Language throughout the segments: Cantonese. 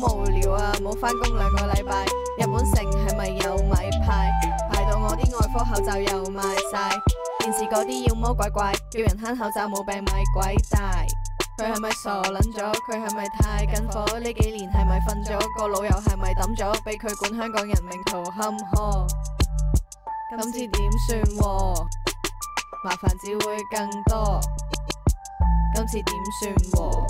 好無聊啊，冇返工兩個禮拜，日本城係咪又有米派？排到我啲外科口罩又賣晒，電視嗰啲妖魔鬼怪，叫人慳口罩冇病咪鬼戴。佢係咪傻撚咗？佢係咪太緊火？呢火幾年係咪瞓咗個老友是是？係咪抌咗？俾佢管香港人命途坎坷，哼哼今次點算啊？麻煩只會更多，今次點算啊？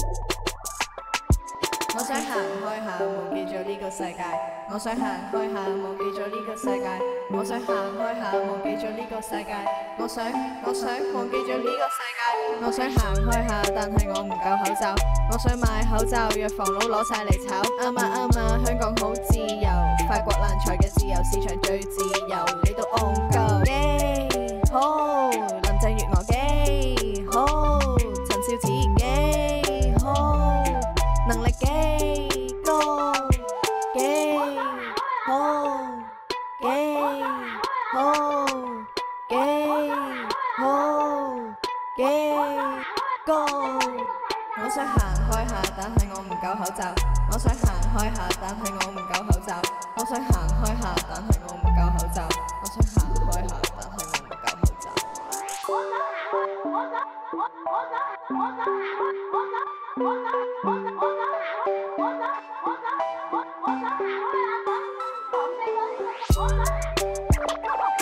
我想行開下，忘記咗呢個世界。我想行開下，忘記咗呢個世界。我想行開下，忘記咗呢個世界。我想，我想忘記咗呢個世界。 我想行開下，但係我唔夠口罩。我想買口罩，藥房佬攞晒嚟炒。 啱啊，啱啊，香港好自由，快國難財嘅自由市場最自由，你都戇鳩。好。Oh, God. yeah, oh, 我想行開下，但係我唔夠口罩。我想行開下，但係我唔夠口罩。我想行開下，但係我唔夠口罩。我想行開，我想。我我走，我走行開，我走，我走，我走，我走行開，我走，我走，我我走行開啊！走，我走。